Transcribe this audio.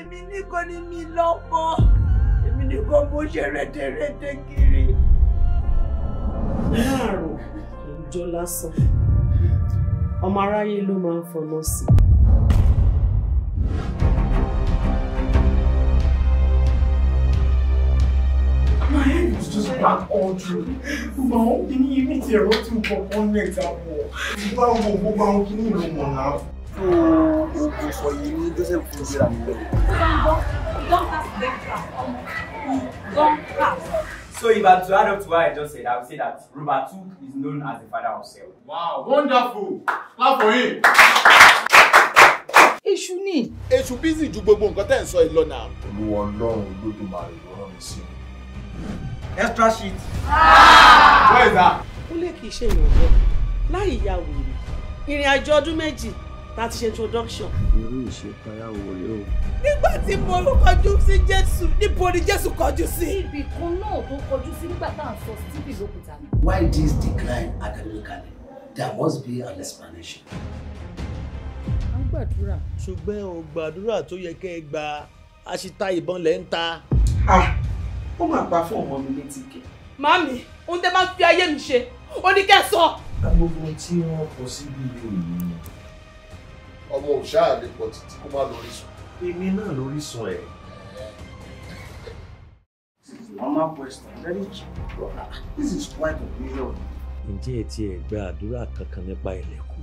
èmi nìkan ni mi lọ́mọ èmi nìkan mo ṣe rẹ́tẹ̀rẹ́tẹ̀ kiri. láàrùn ìjọ lásán ọmọ aráyé ló máa ń fọnà sí just back all through. Gbogbo àwọn kìíní ibi tí ẹ̀rọ ti ń pọ̀ pọ̀ ní ẹ̀ta wọ̀. Gbogbo àwọn gbogbo àwọn kìíní ló mọ̀ náà. Ah sọ yìí ní Joseph fún gbéra mi lẹ́yìn. So if I to add up to what I just said, I would say that Robert Took is known as the father of Sel. Wow, wonderful! Clap for him! Eshuni. ni. Èṣù bísí ju gbogbo nǹkan tẹ́ ń sọ ìlọ náà. Olúwa Ọlọ́run Olódùmarè ló rán Extra sheet. Ah! Where is that? Kúnlé kì í ṣe ìrànlọ́wọ́ láì ya wèrè. Ìrìn àjò ọdún méjì láti ṣe introduction. irú ìṣèpáyàwó rẹ o. nígbà tí mo kọjú sí jésù níbo ni jésù kọjú sí. ibì kan náà tó kọjú sí nígbà tá à ń sọ steve lókùtà why this decline academically there must be an explanation. a ń gbàdúrà. ṣùgbọ́n ò gbàdúrà tó yẹ kẹ́ ẹ gba aṣíta ìbọn lẹ́ ń ta. ó máa pa fún ọmọ mi létí kẹ. màámi ohun tẹ́ bá fi ayé mi ṣe ó sọ. gbogbo tí wọ́n kọ síbi ìlú yìí ọmọ òòṣà lè pọ̀ títí kó má lórí sùn. èmi náà lórí sùn ẹ̀. normal question very cheap this is quite unusual. ǹjẹ́ ẹ tiẹ̀ gba àdúrà kankan nípa ilẹ̀kùn?